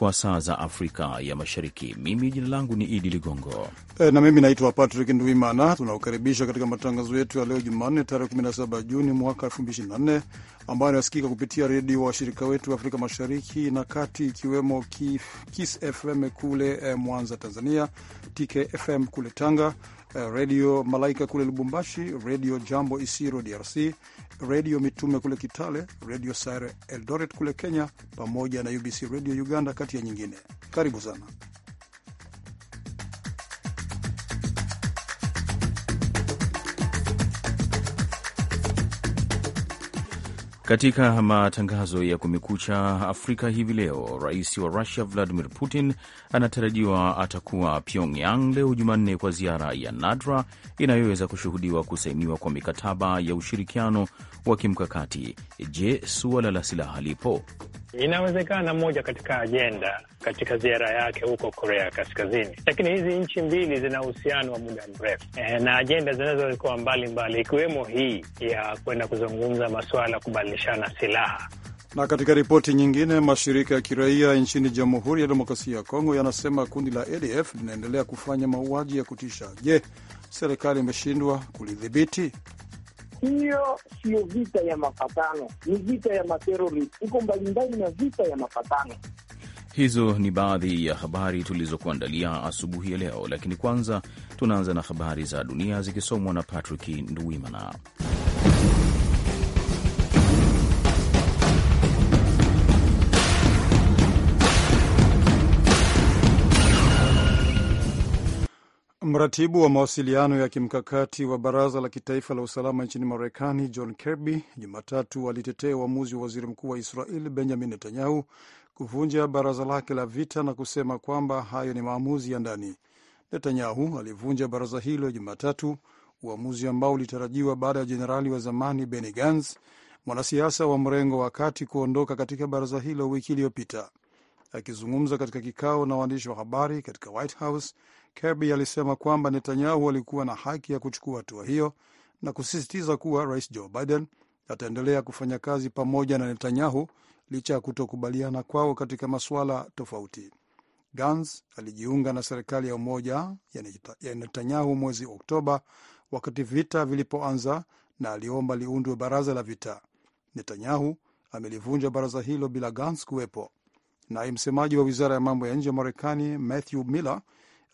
kwa saa za Afrika ya Mashariki. Mimi jina langu ni Idi Ligongo e, na mimi naitwa Patrick nduimana Tunakukaribisha katika matangazo yetu ya leo Jumanne tarehe 17 Juni mwaka 2024 ambayo inasikika kupitia redio washirika wetu Afrika Mashariki na Kati, ikiwemo Kiss FM kule e, Mwanza Tanzania, TKFM kule Tanga, e, Redio Malaika kule Lubumbashi, Redio Jambo Isiro DRC, Redio Mitume kule Kitale, Redio Sare Eldoret kule Kenya, pamoja na UBC Redio Uganda, kati ya nyingine. Karibu sana. Katika matangazo ya Kumekucha Afrika hivi leo, rais wa Rusia Vladimir Putin anatarajiwa atakuwa Pyongyang leo Jumanne kwa ziara ya nadra inayoweza kushuhudiwa kusainiwa kwa mikataba ya ushirikiano wa kimkakati. Je, suala la silaha lipo? Inawezekana moja katika ajenda katika ziara yake huko Korea Kaskazini, lakini hizi nchi mbili zina uhusiano wa muda mrefu e, na ajenda zinaweza mbalimbali ikiwemo hii ya kwenda kuzungumza masuala ya kubadilishana silaha. Na katika ripoti nyingine, mashirika ya kiraia nchini Jamhuri ya Demokrasia ya Kongo yanasema kundi la ADF linaendelea kufanya mauaji ya kutisha. Je, serikali imeshindwa kulidhibiti? hiyo siyo vita ya mapatano, ni vita ya materorist. Iko mbalimbali na vita ya mapatano. Hizo ni baadhi ya habari tulizokuandalia asubuhi ya leo, lakini kwanza tunaanza na habari za dunia zikisomwa na Patrick Nduwimana. Mratibu wa mawasiliano ya kimkakati wa Baraza la Kitaifa la Usalama nchini Marekani, John Kirby, Jumatatu alitetea uamuzi wa waziri mkuu wa israel Benjamin Netanyahu kuvunja baraza lake la vita na kusema kwamba hayo ni maamuzi ya ndani. Netanyahu alivunja baraza hilo Jumatatu, uamuzi ambao ulitarajiwa baada ya jenerali wa zamani Benny Gantz, mwanasiasa wa mrengo wa kati, kuondoka katika baraza hilo wiki iliyopita. Akizungumza katika kikao na waandishi wa habari katika White House, Kirby alisema kwamba Netanyahu alikuwa na haki ya kuchukua hatua hiyo na kusisitiza kuwa rais Joe Biden ataendelea kufanya kazi pamoja na Netanyahu licha ya kutokubaliana kwao katika masuala tofauti. Gans alijiunga na serikali ya umoja ya Netanyahu mwezi Oktoba wakati vita vilipoanza na aliomba liundwe baraza la vita. Netanyahu amelivunja baraza hilo bila Gans kuwepo. Naye msemaji wa wizara ya mambo ya nje ya Marekani Matthew Miller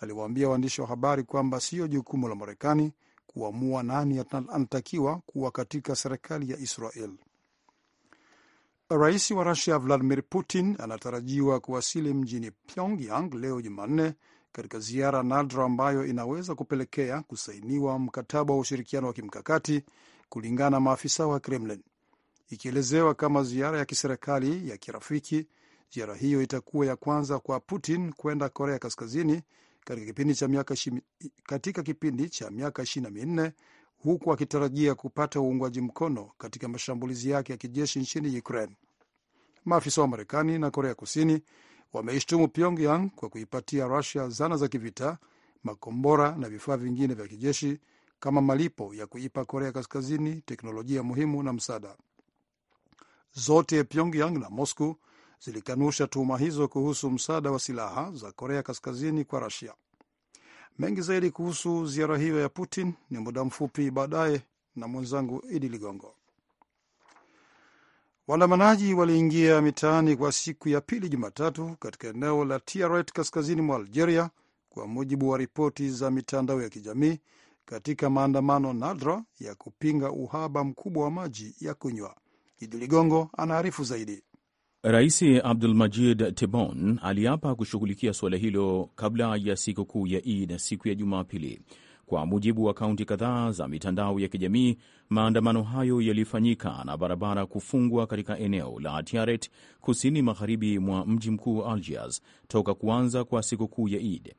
aliwaambia waandishi wa habari kwamba siyo jukumu la Marekani kuamua nani anatakiwa kuwa katika serikali ya Israel. Rais wa Rusia Vladimir Putin anatarajiwa kuwasili mjini Pyongyang leo Jumanne, katika ziara nadra ambayo inaweza kupelekea kusainiwa mkataba wa ushirikiano wa kimkakati, kulingana na maafisa wa Kremlin. Ikielezewa kama ziara ya kiserikali ya kirafiki, ziara hiyo itakuwa ya kwanza kwa Putin kwenda Korea Kaskazini katika kipindi cha miaka shimi, ishirini na minne huku akitarajia kupata uungwaji mkono katika mashambulizi yake ya kijeshi nchini Ukraine. Maafisa wa Marekani na Korea Kusini wameishtumu Pyongyang kwa kuipatia Rusia zana za kivita, makombora na vifaa vingine vya kijeshi kama malipo ya kuipa Korea Kaskazini teknolojia muhimu na msaada. Zote Pyongyang na Moscow zilikanusha tuhuma hizo kuhusu msaada wa silaha za Korea Kaskazini kwa Rusia. Mengi zaidi kuhusu ziara hiyo ya Putin ni muda mfupi baadaye na mwenzangu Idi Ligongo. Waandamanaji waliingia mitaani kwa siku ya pili Jumatatu katika eneo la Tiaret kaskazini mwa Algeria, kwa mujibu wa ripoti za mitandao ya kijamii, katika maandamano nadra ya kupinga uhaba mkubwa wa maji ya kunywa. Idi Ligongo anaarifu zaidi. Rais Abdulmajid tibon aliapa kushughulikia suala hilo kabla ya sikukuu ya Eid siku ya Jumapili. Kwa mujibu wa kaunti kadhaa za mitandao ya kijamii, maandamano hayo yalifanyika na barabara kufungwa katika eneo la Tiaret kusini magharibi mwa mji mkuu Algiers toka kuanza kwa sikukuu ya Eid.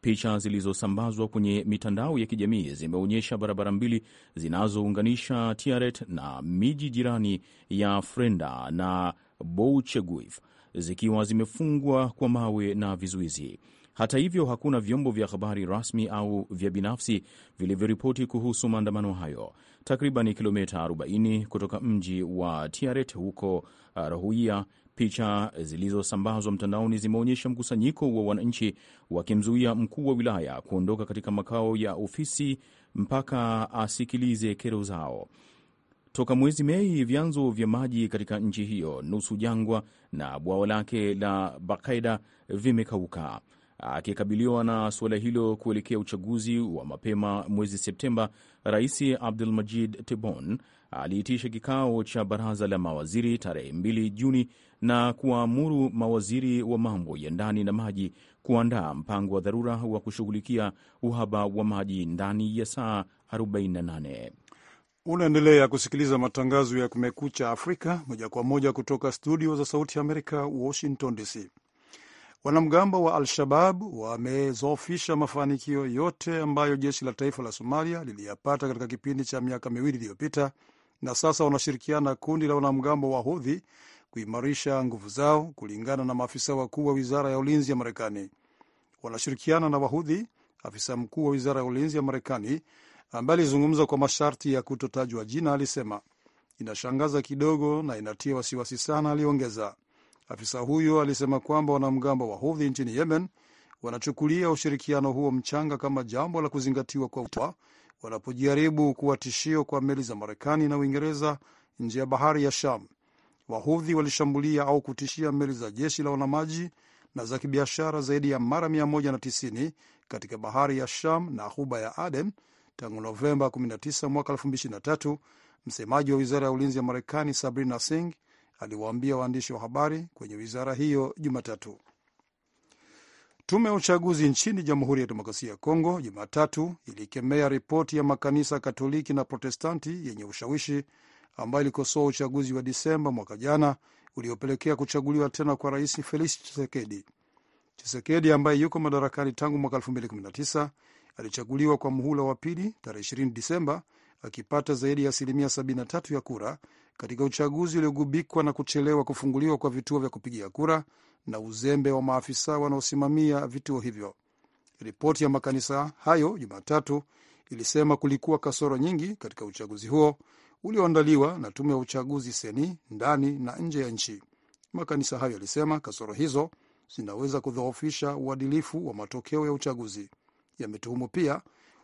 Picha zilizosambazwa kwenye mitandao ya kijamii zimeonyesha barabara mbili zinazounganisha Tiaret na miji jirani ya Frenda na Bocheguif zikiwa zimefungwa kwa mawe na vizuizi. Hata hivyo, hakuna vyombo vya habari rasmi au vya binafsi vilivyoripoti kuhusu maandamano hayo. Takriban kilomita 40 kutoka mji wa Tiaret huko uh, rahuia picha zilizosambazwa mtandaoni zimeonyesha mkusanyiko wa wananchi wakimzuia mkuu wa wilaya kuondoka katika makao ya ofisi mpaka asikilize kero zao. Toka mwezi Mei, vyanzo vya maji katika nchi hiyo, nusu jangwa na bwawa lake la Bakaida vimekauka. Akikabiliwa na suala hilo kuelekea uchaguzi wa mapema mwezi Septemba, Rais abdul majid tebon aliitisha kikao cha baraza la mawaziri tarehe 2 Juni na kuwaamuru mawaziri wa mambo ya ndani na maji kuandaa mpango wa dharura wa kushughulikia uhaba wa maji ndani ya saa 48. Unaendelea kusikiliza matangazo ya Kumekucha Afrika moja kwa moja kutoka studio za Sauti ya Amerika, Washington DC. Wanamgambo wa Al-Shabab wamezoofisha mafanikio yote ambayo jeshi la taifa la Somalia liliyapata katika kipindi cha miaka miwili iliyopita, na sasa wanashirikiana kundi la wanamgambo wa Hudhi kuimarisha nguvu zao, kulingana na maafisa wakuu wa wizara ya ulinzi ya Marekani. Wanashirikiana na Wahudhi, afisa mkuu wa wizara ya ulinzi ya Marekani ambaye alizungumza kwa masharti ya kutotajwa jina, alisema inashangaza kidogo na inatia wasiwasi sana, aliongeza. Afisa huyo alisema kwamba wanamgambo wa Hudhi nchini Yemen wanachukulia ushirikiano huo mchanga kama jambo la kuzingatiwa kwa utwa wanapojaribu kuwa tishio kwa meli za Marekani na Uingereza nje ya bahari ya Sham. Wahudhi walishambulia au kutishia meli za jeshi la wanamaji na za kibiashara zaidi ya mara 190 katika bahari ya Sham na ghuba ya Aden tangu Novemba 19 mwaka 2023. Msemaji wa wizara ya ulinzi ya Marekani Sabrina Singh aliwaambia waandishi wa habari kwenye wizara hiyo Jumatatu. Tume ya uchaguzi nchini Jamhuri ya Demokrasia ya Kongo Jumatatu ilikemea ripoti ya makanisa Katoliki na Protestanti yenye ushawishi ambayo ilikosoa uchaguzi wa Disemba mwaka jana uliopelekea kuchaguliwa tena kwa Rais Felix Tshisekedi. Chisekedi ambaye yuko madarakani tangu mwaka 2019 alichaguliwa kwa muhula wa pili tarehe 20 Disemba akipata zaidi ya asilimia 73 ya kura katika uchaguzi uliogubikwa na kuchelewa kufunguliwa kwa vituo vya kupigia kura na uzembe wa maafisa wanaosimamia vituo hivyo. Ripoti ya makanisa hayo Jumatatu ilisema kulikuwa kasoro nyingi katika uchaguzi huo ulioandaliwa na tume ya uchaguzi seni ndani na nje ya nchi. Makanisa hayo yalisema kasoro hizo zinaweza kudhoofisha uadilifu wa matokeo ya uchaguzi. Yametuhumu pia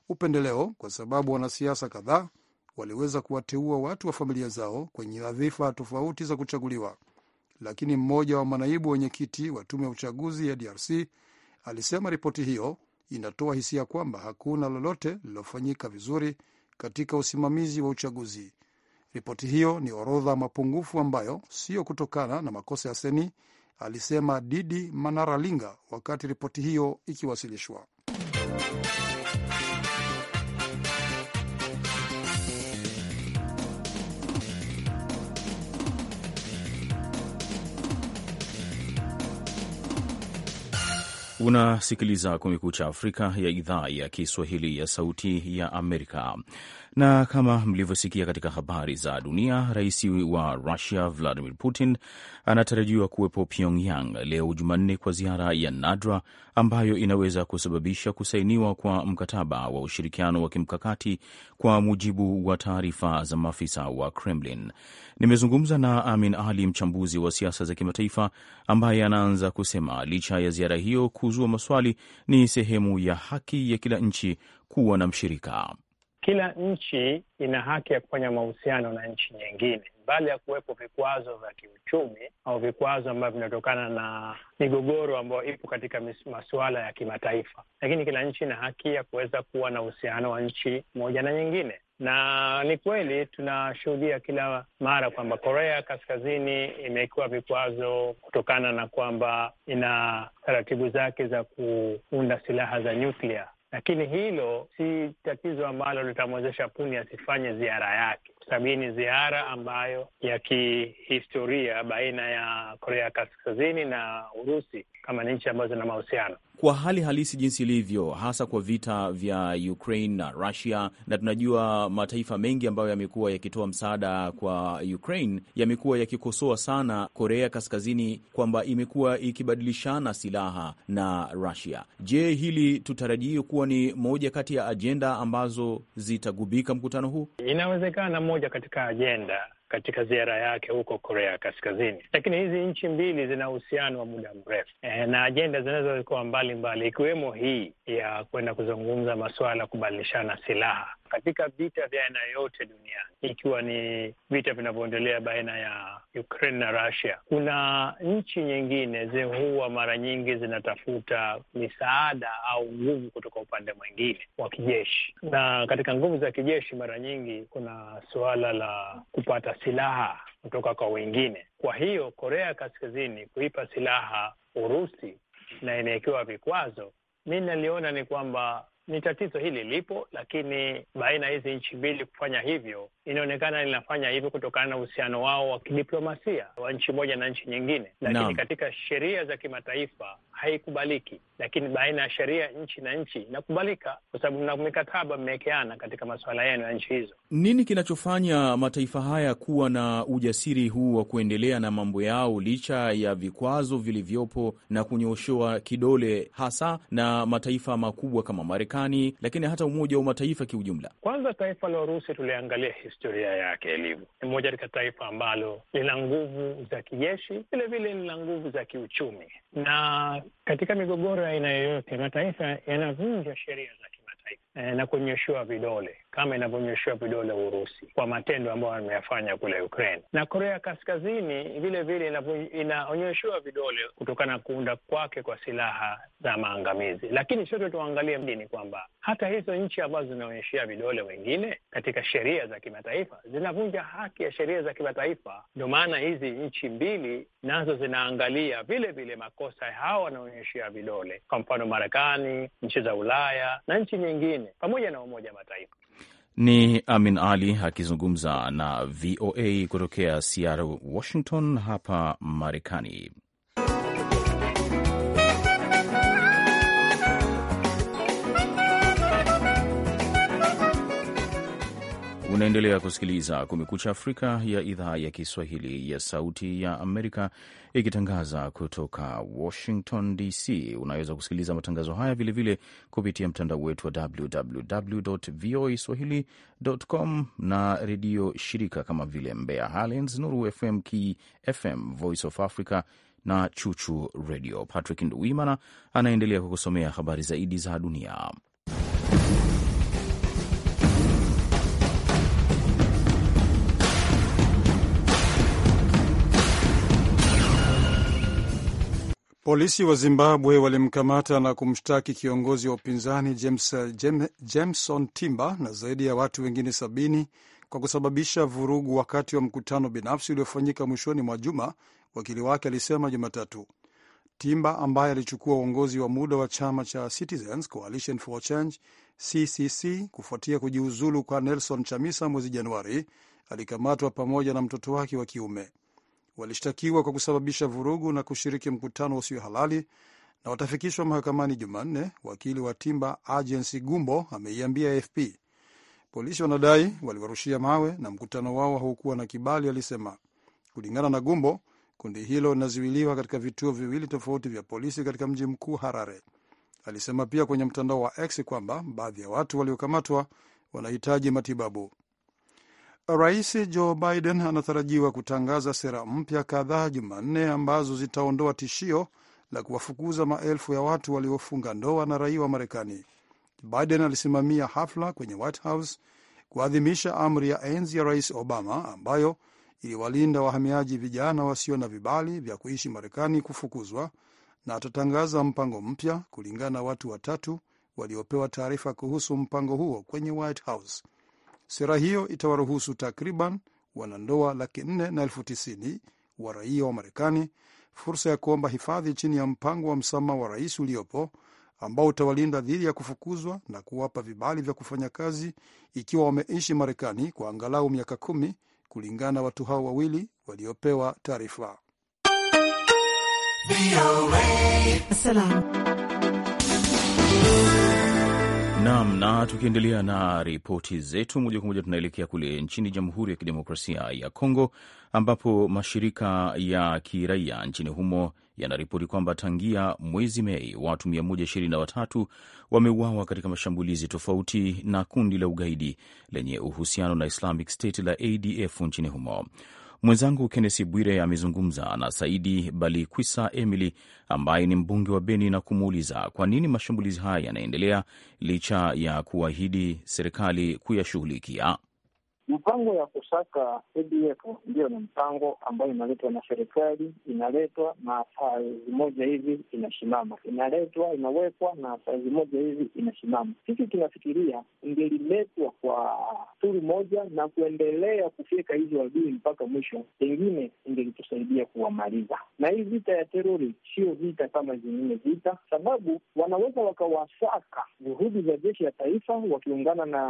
upendeleo kwa sababu wanasiasa kadhaa waliweza kuwateua watu wa familia zao kwenye nyadhifa tofauti za kuchaguliwa. Lakini mmoja wa manaibu wenyekiti wa tume ya uchaguzi ya DRC alisema ripoti hiyo inatoa hisia kwamba hakuna lolote lililofanyika vizuri katika usimamizi wa uchaguzi. Ripoti hiyo ni orodha mapungufu ambayo siyo kutokana na makosa ya seni, alisema Didi Manaralinga wakati ripoti hiyo ikiwasilishwa. Unasikiliza Kumekucha Afrika ya idhaa ya Kiswahili ya Sauti ya Amerika. Na kama mlivyosikia katika habari za dunia, rais wa Russia Vladimir Putin anatarajiwa kuwepo Pyongyang leo Jumanne kwa ziara ya nadra ambayo inaweza kusababisha kusainiwa kwa mkataba wa ushirikiano wa kimkakati, kwa mujibu wa taarifa za maafisa wa Kremlin. Nimezungumza na Amin Ali, mchambuzi wa siasa za kimataifa, ambaye anaanza kusema licha ya ziara hiyo kuzua maswali, ni sehemu ya haki ya kila nchi kuwa na mshirika kila nchi ina haki ya kufanya mahusiano na nchi nyingine, mbali ya kuwepo vikwazo vya kiuchumi au vikwazo ambavyo vinatokana na migogoro ambayo ipo katika masuala ya kimataifa, lakini kila nchi ina haki ya kuweza kuwa na uhusiano wa nchi moja na nyingine na ni kweli tunashuhudia kila mara kwamba Korea Kaskazini imewekewa vikwazo kutokana na kwamba ina taratibu zake za kuunda silaha za nyuklia lakini hilo si tatizo ambalo litamwezesha Puni asifanye ziara yake, kwa sababu hii ni ziara ambayo ya kihistoria baina ya Korea Kaskazini na Urusi ama ni nchi ambazo zina mahusiano. Kwa hali halisi jinsi ilivyo, hasa kwa vita vya Ukraine na Russia, na tunajua mataifa mengi ambayo yamekuwa yakitoa msaada kwa Ukraine yamekuwa yakikosoa sana Korea Kaskazini kwamba imekuwa ikibadilishana silaha na Russia. Je, hili tutarajie kuwa ni moja kati ya ajenda ambazo zitagubika mkutano huu? Inawezekana moja katika ajenda katika ziara yake huko Korea Kaskazini. Lakini hizi nchi mbili zina uhusiano wa muda mrefu e, na ajenda zinazokuwa mbalimbali, ikiwemo hii ya kwenda kuzungumza masuala ya kubadilishana silaha katika vita vya aina yote duniani, ikiwa ni vita vinavyoendelea baina ya Ukraine na Russia. Kuna nchi nyingine zihuwa mara nyingi zinatafuta misaada au nguvu kutoka upande mwingine wa kijeshi, na katika nguvu za kijeshi mara nyingi kuna suala la kupata silaha kutoka kwa wengine. Kwa hiyo Korea ya Kaskazini kuipa silaha Urusi na inawekewa vikwazo, mi naliona ni kwamba ni tatizo hili lipo, lakini baina ya hizi nchi mbili kufanya hivyo, inaonekana linafanya hivyo kutokana na uhusiano wao wa kidiplomasia wa nchi moja na nchi nyingine, lakini no. katika sheria za kimataifa haikubaliki, lakini baina ya sheria nchi na nchi inakubalika, kwa sababu mna mikataba mmewekeana katika masuala yenu ya nchi hizo. Nini kinachofanya mataifa haya kuwa na ujasiri huu wa kuendelea na mambo yao licha ya vikwazo vilivyopo na kunyoshewa kidole hasa na mataifa makubwa kama Marekani Marekani, lakini hata Umoja wa Mataifa kiujumla? Kwanza, taifa la Urusi tuliangalia historia yake ilivyo, ni moja katika taifa ambalo lina nguvu za kijeshi, vilevile lina nguvu za kiuchumi, na katika migogoro ya aina yoyote mataifa yanavunja sheria za kimataifa eh, na kunyoshewa vidole kama inavyonyoshewa vidole Urusi kwa matendo ambayo ameyafanya kule Ukraine, na Korea Kaskazini vile vile inaonyeshewa vidole kutokana na kuunda kwake kwa silaha za maangamizi. Lakini sote tuangalie mdini kwamba hata hizo nchi ambazo zinaonyeshea vidole wengine katika sheria za kimataifa zinavunja haki ya sheria za kimataifa. Ndio maana hizi nchi mbili nazo zinaangalia vile vile makosa hawa wanaonyeshea vidole, kwa mfano Marekani, nchi za Ulaya na nchi nyingine Marekani pamoja na Umoja Mataifa. Ni Amin Ali akizungumza na VOA kutokea Seattle, Washington hapa Marekani. Unaendelea kusikiliza Kumekucha Afrika ya idhaa ya Kiswahili ya Sauti ya Amerika ikitangaza kutoka Washington DC. Unaweza kusikiliza matangazo haya vilevile vile kupitia mtandao wetu wa www voa swahili.com na redio shirika kama vile Mbeya Highlands, Nuru FM, Ki FM, Voice of Africa na Chuchu Radio. Patrick Nduwimana anaendelea kukusomea habari zaidi za dunia. Polisi wa Zimbabwe walimkamata na kumshtaki kiongozi wa upinzani James, James, Jameson Timba na zaidi ya watu wengine sabini kwa kusababisha vurugu wakati wa mkutano binafsi uliofanyika mwishoni mwa juma, wakili wake alisema Jumatatu. Timba ambaye alichukua uongozi wa muda wa chama cha Citizens Coalition for Change CCC kufuatia kujiuzulu kwa Nelson Chamisa mwezi Januari alikamatwa pamoja na mtoto wake wa kiume walishtakiwa kwa kusababisha vurugu na kushiriki mkutano usio halali na watafikishwa mahakamani Jumanne, wakili wa Timba Agency Gumbo ameiambia AFP. Polisi wanadai waliwarushia mawe na mkutano wao haukuwa na kibali, alisema. Kulingana na Gumbo, kundi hilo linazuiliwa katika vituo viwili tofauti vya polisi katika mji mkuu Harare. Alisema pia kwenye mtandao wa X kwamba baadhi ya watu waliokamatwa wanahitaji matibabu. Rais Joe Biden anatarajiwa kutangaza sera mpya kadhaa Jumanne ambazo zitaondoa tishio la kuwafukuza maelfu ya watu waliofunga ndoa na raia wa Marekani. Biden alisimamia hafla kwenye White House kuadhimisha amri ya enzi ya Rais Obama ambayo iliwalinda wahamiaji vijana wasio na vibali vya kuishi Marekani kufukuzwa, na atatangaza mpango mpya kulingana na watu watatu waliopewa taarifa kuhusu mpango huo kwenye White House. Sera hiyo itawaruhusu takriban wanandoa laki nne na elfu tisini wa raia wa Marekani fursa ya kuomba hifadhi chini ya mpango wa msamaha wa rais uliopo ambao utawalinda dhidi ya kufukuzwa na kuwapa vibali vya kufanya kazi ikiwa wameishi Marekani kwa angalau miaka kumi, kulingana na watu hao wawili waliopewa taarifa nam na tukiendelea na ripoti zetu moja kwa moja, tunaelekea kule nchini Jamhuri ya Kidemokrasia ya Kongo ambapo mashirika ya kiraia nchini humo yanaripoti kwamba tangia mwezi Mei watu 123 wameuawa katika mashambulizi tofauti na kundi la ugaidi lenye uhusiano na Islamic State la ADF nchini humo. Mwenzangu Kennesi Bwire amezungumza na Saidi Balikwisa Emily ambaye ni mbunge wa Beni na kumuuliza kwa nini mashambulizi haya yanaendelea licha ya kuahidi serikali kuyashughulikia. Mpango ya kusaka ADF ndio ni mpango ambayo inaletwa na serikali, inaletwa na saa moja hivi inasimama, inaletwa inawekwa na saa moja hivi inasimama. Sisi tunafikiria ingeliletwa kwa turu moja na kuendelea kufika hizo adui mpaka mwisho, pengine ingelitusaidia kuwamaliza. Na hii vita ya terori sio vita kama zingine vita, sababu wanaweza wakawasaka juhudi za jeshi ya taifa wakiungana na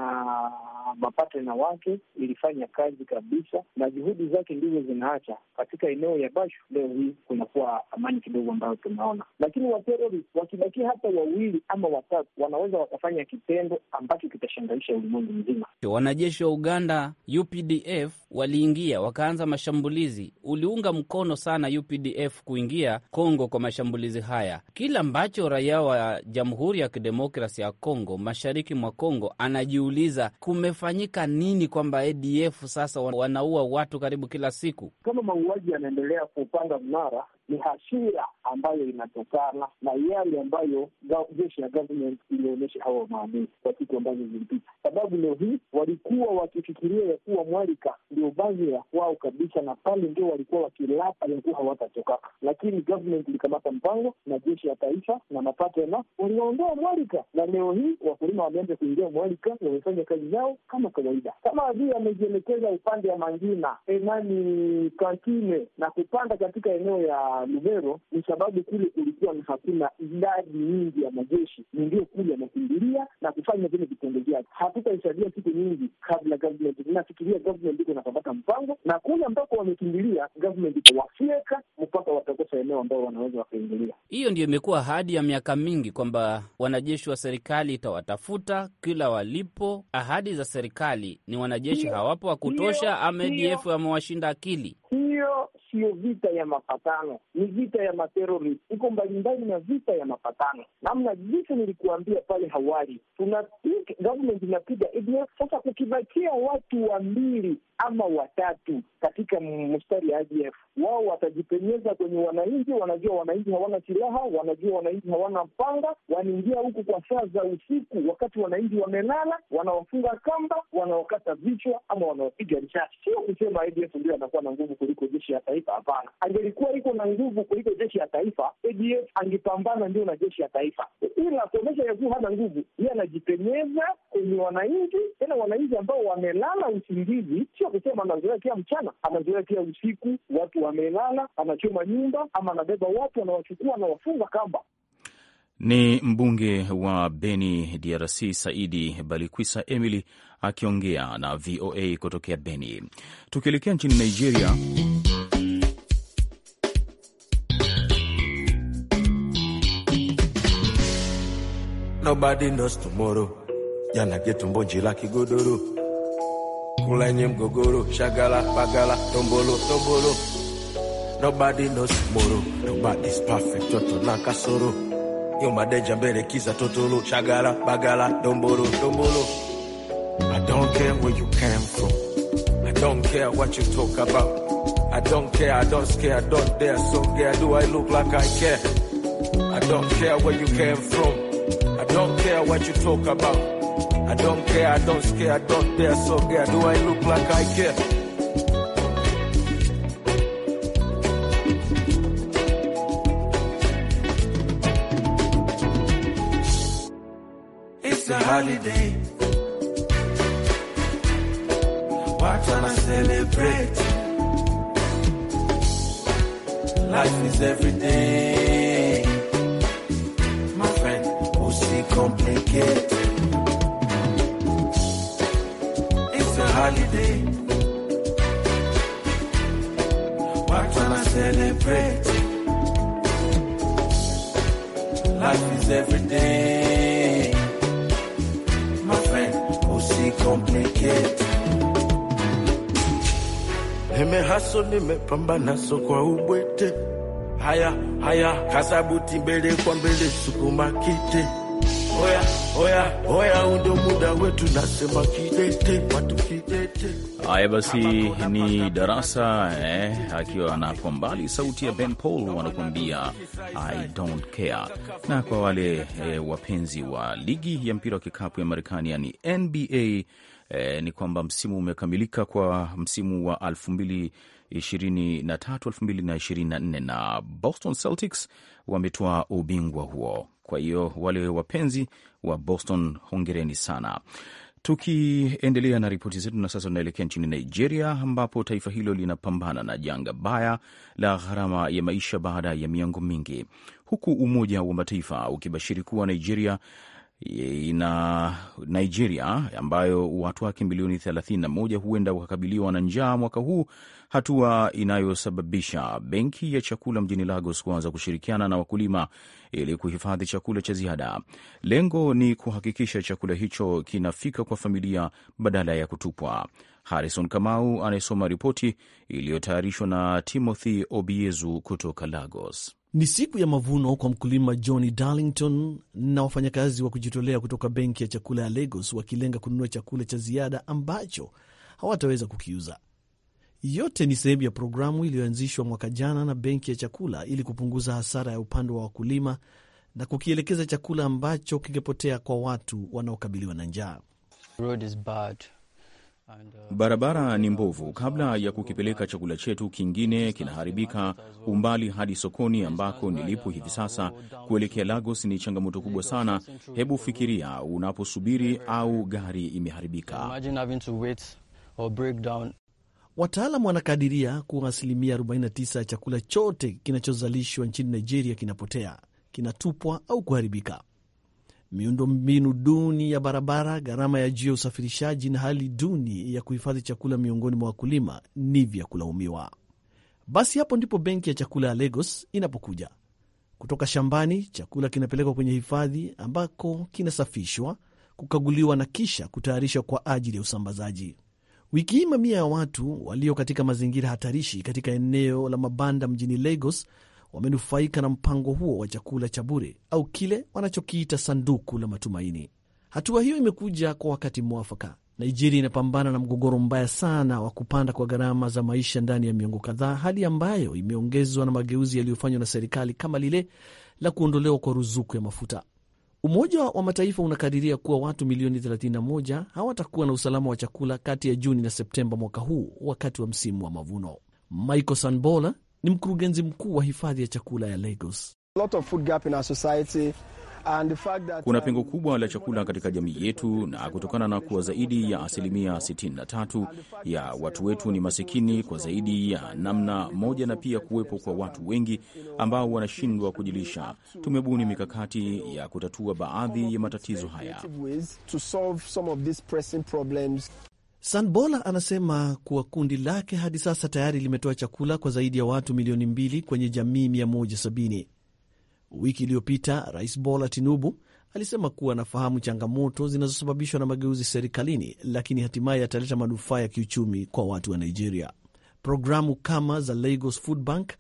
mapatena wake ilifanya kazi kabisa, na juhudi zake ndizo zinaacha katika eneo ya Bashu. Leo hii kunakuwa amani kidogo ambayo tunaona, lakini waterori wakibakia hata wawili ama watatu, wanaweza wakafanya kitendo ambacho kitashangaisha ulimwengu mzima. Wanajeshi wa Uganda UPDF waliingia wakaanza mashambulizi. Uliunga mkono sana UPDF kuingia Kongo kwa mashambulizi haya. Kila ambacho raia wa Jamhuri ya Kidemokrasi ya Kongo, mashariki mwa Kongo, anajiuliza kumefanyika nini, kwamba ADF sasa wanaua watu karibu kila siku. Kama mauaji yanaendelea kupanga mnara, ni hasira ambayo inatokana na yale ambayo jeshi ya government ilionyesha hawa maadui kwa siku ambazo zilipita, sababu leo hii walikuwa wakifikiria ya kuwa Mwalika ndio bazi ya kwao kabisa, na pale ndio walikuwa wakilapa ya kuwa hawatatoka. Lakini government ilikamata mpango na jeshi ya taifa na mapato na waliwaondoa mwalika, na leo hii wakulima wameanza kuingia mwalika, wamefanya kazi zao kama kawaida. Kama vile amejielekeza upande ya Mangina enani kantine na kupanda katika eneo ya Lubero, ni sababu kule kulikuwa na hakuna idadi nyingi ya majeshi, ni ndio kule anakimbilia na kufanya vile vitendo vyake. Hatutaisaidia siku nyingi kabla government, nafikiria government iko na watapata mpango, na kule ambako wamekimbilia government ipo mpaka watakosa eneo ambao wanaweza wakaingilia. Hiyo ndio imekuwa ahadi ya miaka mingi kwamba wanajeshi wa serikali itawatafuta kila walipo. Ahadi za serikali ni wanajeshi hawapo wa kutosha, ama ADF amewashinda akili hiyo hiyo siyo vita ya mapatano, ni vita ya materorist. Iko mbalimbali na vita ya mapatano, namna jinsi nilikuambia pale hawali, government inapiga sasa. Kukibakia watu wa mbili ama watatu katika mstari ya ADF, wao watajipenyeza kwenye wananchi. Wanajua wananchi hawana silaha, wanajua wananchi hawana mpanga, wanaingia huku kwa saa za usiku, wakati wananchi wamelala, wanawafunga kamba, wanawakata vichwa ama wanawapiga risasi. Sio kusema ADF ndio anakuwa na nguvu kuliko jeshi ya taifa? Hapana, angelikuwa iko na nguvu kuliko jeshi ya taifa, ADF angepambana ndio na jeshi ya taifa, ila kuonyesha yakuu hana nguvu, yeye anajipenyeza kwenye wananchi, tena wananchi ambao wamelala usingizi. Sio kusema anazoea kila mchana, anazoea kila usiku, watu wamelala, anachoma nyumba ama anabeba watu, anawachukua, anawafunga kamba. Ni mbunge wa Beni, DRC, Saidi Balikwisa Emily akiongea na VOA kutokea Beni. Tukielekea nchini Nigeria Nobody knows tomorrow. Yana getumbo njila kigodoro. Kula nye mgogoro, shagala, bagala, tombolo, tombolo. Nobody knows tomorrow. Nobody's perfect, toto na kasoro. Yoma deja mbele kiza totolo, shagala, bagala, dombolo, dombolo. I don't care where you came from. I don't care what you talk about. I don't care, I don't care, I don't dare. So care, do I look like I care? I don't care where you came from care what you talk about. I don't care, I don't scare, I don't dare, so care. Do I look like I care? It's a holiday. Why can I celebrate? Life is every day. complicate. It's a holiday. Why can I celebrate? Life is every day. My friend, who's so kwa ubwete, haya haya kasabuti mbele kwa mbele, oya oya oya, undo muda wetu, nasema kidete watu kidete. Haya basi, ni darasa eh, akiwa na kwa mbali sauti ya Ben Paul wanakuambia I don't care. Na kwa wale eh, wapenzi wa ligi ya mpira wa kikapu ya Marekani yani NBA eh, ni kwamba msimu umekamilika kwa msimu wa elfu 2024 na Boston Celtics wametoa ubingwa huo. Kwa hiyo wale wapenzi wa Boston, hongereni sana. Tukiendelea na ripoti zetu, na sasa tunaelekea nchini Nigeria ambapo taifa hilo linapambana na janga baya la gharama ya maisha baada ya miongo mingi, huku Umoja wa Mataifa ukibashiri kuwa Nigeria na Nigeria ambayo watu wake milioni 31 huenda wakakabiliwa na njaa mwaka huu, hatua inayosababisha benki ya chakula mjini Lagos kuanza kushirikiana na wakulima ili kuhifadhi chakula cha ziada. Lengo ni kuhakikisha chakula hicho kinafika kwa familia badala ya kutupwa. Harrison Kamau anayesoma ripoti iliyotayarishwa na Timothy Obiezu kutoka Lagos. Ni siku ya mavuno kwa mkulima Johnny Darlington na wafanyakazi wa kujitolea kutoka benki ya chakula ya Lagos, wakilenga kununua chakula cha ziada ambacho hawataweza kukiuza. Yote ni sehemu ya programu iliyoanzishwa mwaka jana na benki ya chakula ili kupunguza hasara ya upande wa wakulima na kukielekeza chakula ambacho kingepotea kwa watu wanaokabiliwa na njaa. Barabara ni mbovu. Kabla ya kukipeleka chakula chetu kingine kinaharibika, umbali hadi sokoni ambako nilipo hivi sasa kuelekea Lagos ni changamoto kubwa sana. Hebu fikiria unaposubiri au gari imeharibika. Wataalam wanakadiria kuwa asilimia 49 ya chakula chote kinachozalishwa nchini Nigeria kinapotea, kinatupwa au kuharibika miundombinu duni ya barabara, gharama ya juu ya usafirishaji na hali duni ya kuhifadhi chakula miongoni mwa wakulima ni vya kulaumiwa. Basi hapo ndipo benki ya chakula ya Lagos inapokuja. Kutoka shambani, chakula kinapelekwa kwenye hifadhi ambako kinasafishwa, kukaguliwa na kisha kutayarishwa kwa ajili ya usambazaji. Wiki hii mamia ya watu walio katika mazingira hatarishi katika eneo la mabanda mjini Lagos wamenufaika na mpango huo wa chakula cha bure au kile wanachokiita sanduku la matumaini. Hatua hiyo imekuja kwa wakati mwafaka. Nigeria inapambana na mgogoro mbaya sana wa kupanda kwa gharama za maisha ndani ya miongo kadhaa, hali ambayo imeongezwa na mageuzi yaliyofanywa na serikali kama lile la kuondolewa kwa ruzuku ya mafuta. Umoja wa Mataifa unakadiria kuwa watu milioni 31 hawatakuwa na usalama wa chakula kati ya Juni na Septemba mwaka huu wakati wa msimu wa mavuno. Michael Sanbola ni mkurugenzi mkuu wa hifadhi ya chakula ya Lagos. Kuna uh, pengo kubwa la chakula katika jamii yetu, na kutokana na kuwa zaidi ya asilimia 63 ya watu wetu ni masikini kwa zaidi ya namna moja, na pia kuwepo kwa watu wengi ambao wanashindwa kujilisha, tumebuni mikakati ya kutatua baadhi ya matatizo haya. Sanbola anasema kuwa kundi lake hadi sasa tayari limetoa chakula kwa zaidi ya watu milioni mbili kwenye jamii 170. Wiki iliyopita Rais Bola Tinubu alisema kuwa anafahamu changamoto zinazosababishwa na mageuzi serikalini, lakini hatimaye ataleta manufaa ya kiuchumi kwa watu wa Nigeria. Programu kama za Lagos Food Bank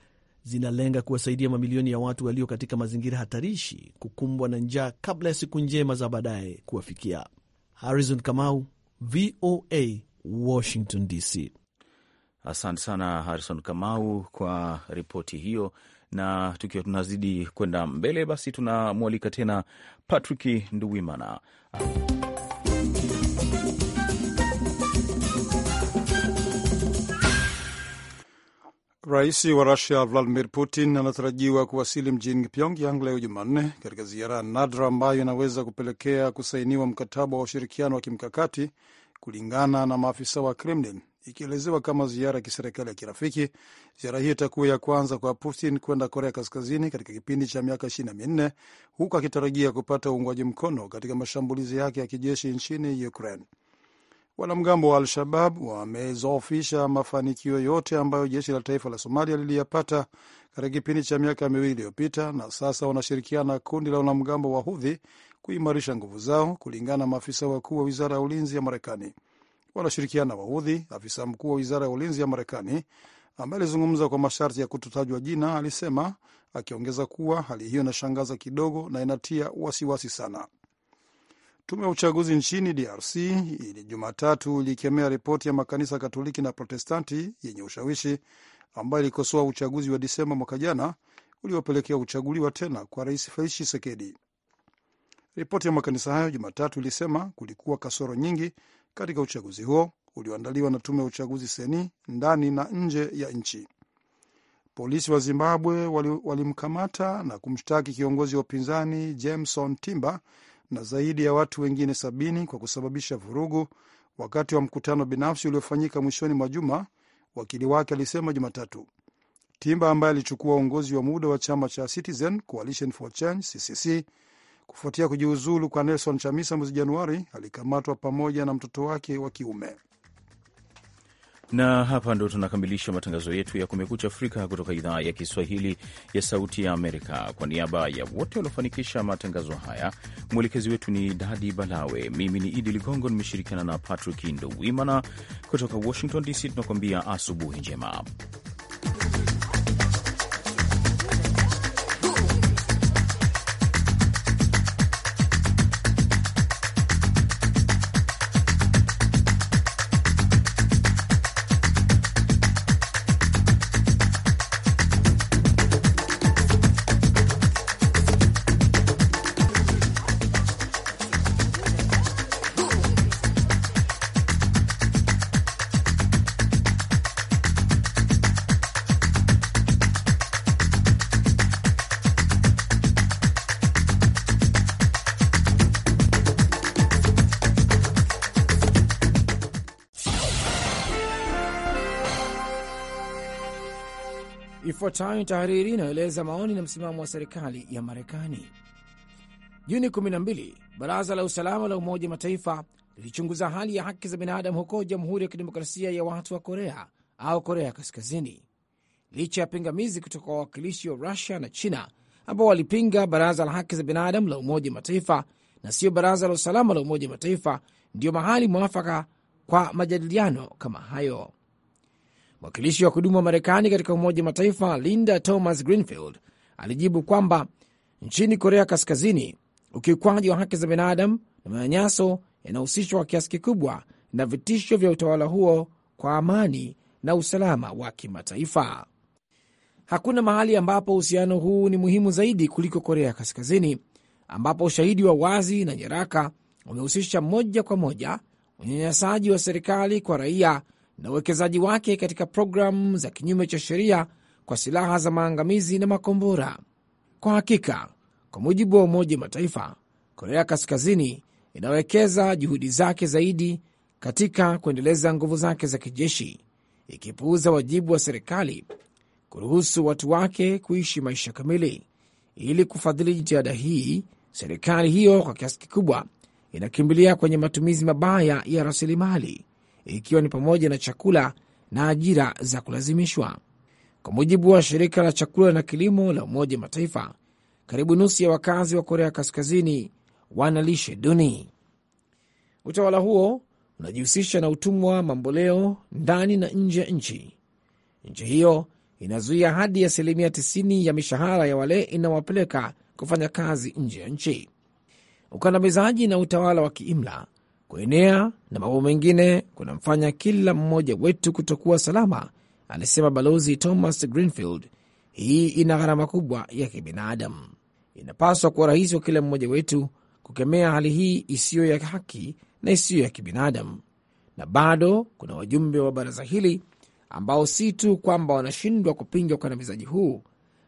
zinalenga kuwasaidia mamilioni ya watu walio katika mazingira hatarishi kukumbwa na njaa kabla ya siku njema za baadaye kuwafikia. Harrison Kamau, VOA Washington DC. Asante sana Harrison Kamau kwa ripoti hiyo, na tukiwa tunazidi kwenda mbele, basi tunamwalika tena Patrick Nduwimana Rais wa Rusia Vladimir Putin anatarajiwa kuwasili mjini Pyongyang leo Jumanne, katika ziara ya nadra ambayo inaweza kupelekea kusainiwa mkataba wa ushirikiano wa kimkakati, kulingana na maafisa wa Kremlin. Ikielezewa kama ziara ya kiserikali ya kirafiki, ziara hiyo itakuwa ya kwanza kwa Putin kwenda Korea Kaskazini katika kipindi cha miaka ishirini na minne, huku akitarajia kupata uungwaji mkono katika mashambulizi yake ya kijeshi nchini Ukraine. Wanamgambo wa Al-Shabab wamezoofisha mafanikio yote ambayo jeshi la taifa la Somalia liliyapata katika kipindi cha miaka miwili iliyopita, na sasa wanashirikiana na kundi la wanamgambo wa Hudhi kuimarisha nguvu zao, kulingana na maafisa wakuu wa wizara ya ulinzi ya Marekani. Wanashirikiana Wahudhi. Afisa mkuu wa wizara ya ulinzi ya Marekani ambaye alizungumza kwa masharti ya kutotajwa jina alisema, akiongeza kuwa hali hiyo inashangaza kidogo na inatia wasiwasi wasi sana. Tume ya uchaguzi nchini DRC ili Jumatatu ilikemea ripoti ya makanisa Katoliki na Protestanti yenye ushawishi ambayo ilikosoa uchaguzi wa Disemba mwaka jana uliopelekea uchaguliwa tena kwa Rais Felix Tshisekedi. Ripoti ya makanisa hayo Jumatatu ilisema kulikuwa kasoro nyingi katika uchaguzi huo ulioandaliwa na tume ya uchaguzi seni ndani na nje ya nchi. Polisi wa Zimbabwe walimkamata wali na kumshtaki kiongozi wa upinzani Jameson Timba na zaidi ya watu wengine sabini kwa kusababisha vurugu wakati wa mkutano binafsi uliofanyika mwishoni mwa juma, wakili wake alisema Jumatatu. Timba ambaye alichukua uongozi wa muda wa chama cha Citizen Coalition for Change CCC kufuatia kujiuzulu kwa Nelson Chamisa mwezi Januari, alikamatwa pamoja na mtoto wake wa kiume na hapa ndo tunakamilisha matangazo yetu ya Kumekucha Afrika kutoka idhaa ya Kiswahili ya Sauti ya Amerika. Kwa niaba ya wote waliofanikisha matangazo haya, mwelekezi wetu ni Dadi Balawe. Mimi ni Idi Ligongo, nimeshirikiana na Patrick Ndowimana kutoka Washington DC. Tunakuambia asubuhi njema. Ifuatayo ni tahariri inayoeleza maoni na msimamo wa serikali ya Marekani. Juni 12 baraza la usalama la Umoja wa Mataifa lilichunguza hali ya haki za binadamu huko Jamhuri ya Kidemokrasia ya Watu wa Korea au Korea Kaskazini, licha ya pingamizi kutoka kwa wawakilishi wa Rusia na China ambao walipinga baraza la haki za binadamu la Umoja Mataifa na siyo baraza la usalama la Umoja Mataifa ndiyo mahali mwafaka kwa majadiliano kama hayo. Mwakilishi wa kudumu wa Marekani katika Umoja wa Mataifa Linda Thomas Greenfield alijibu kwamba nchini Korea Kaskazini ukiukwaji wa haki za binadamu na manyanyaso yanahusishwa kwa kiasi kikubwa na vitisho vya utawala huo kwa amani na usalama wa kimataifa. Hakuna mahali ambapo uhusiano huu ni muhimu zaidi kuliko Korea Kaskazini, ambapo ushahidi wa wazi na nyaraka umehusisha moja kwa moja unyanyasaji wa serikali kwa raia na uwekezaji wake katika programu za kinyume cha sheria kwa silaha za maangamizi na makombora. Kwa hakika, kwa mujibu wa Umoja wa Mataifa, Korea Kaskazini inawekeza juhudi zake zaidi katika kuendeleza nguvu zake za kijeshi, ikipuuza wajibu wa serikali kuruhusu watu wake kuishi maisha kamili. Ili kufadhili jitihada hii, serikali hiyo kwa kiasi kikubwa inakimbilia kwenye matumizi mabaya ya rasilimali ikiwa ni pamoja na chakula na ajira za kulazimishwa. Kwa mujibu wa shirika la chakula na kilimo la Umoja wa Mataifa, karibu nusu ya wakazi wa Korea Kaskazini wana lishe duni. Utawala huo unajihusisha na utumwa mamboleo ndani na nje ya nchi. Nchi hiyo inazuia hadi asilimia 90 ya mishahara ya wale inawapeleka kufanya kazi nje ya nchi. Ukandamizaji na utawala wa kiimla kuenea na mambo mengine kunamfanya kila mmoja wetu kutokuwa salama, alisema Balozi Thomas Greenfield. Hii ina gharama kubwa ya kibinadamu. Inapaswa kuwa rahisi kwa kila mmoja wetu kukemea hali hii isiyo ya haki na isiyo ya kibinadamu. Na bado kuna wajumbe wa baraza hili ambao si tu kwamba wanashindwa kupinga ukandamizaji huu,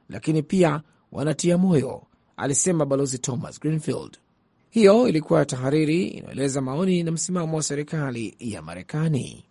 lakini pia wanatia moyo, alisema Balozi Thomas Greenfield. Hiyo ilikuwa tahariri inaeleza maoni na msimamo wa serikali ya Marekani.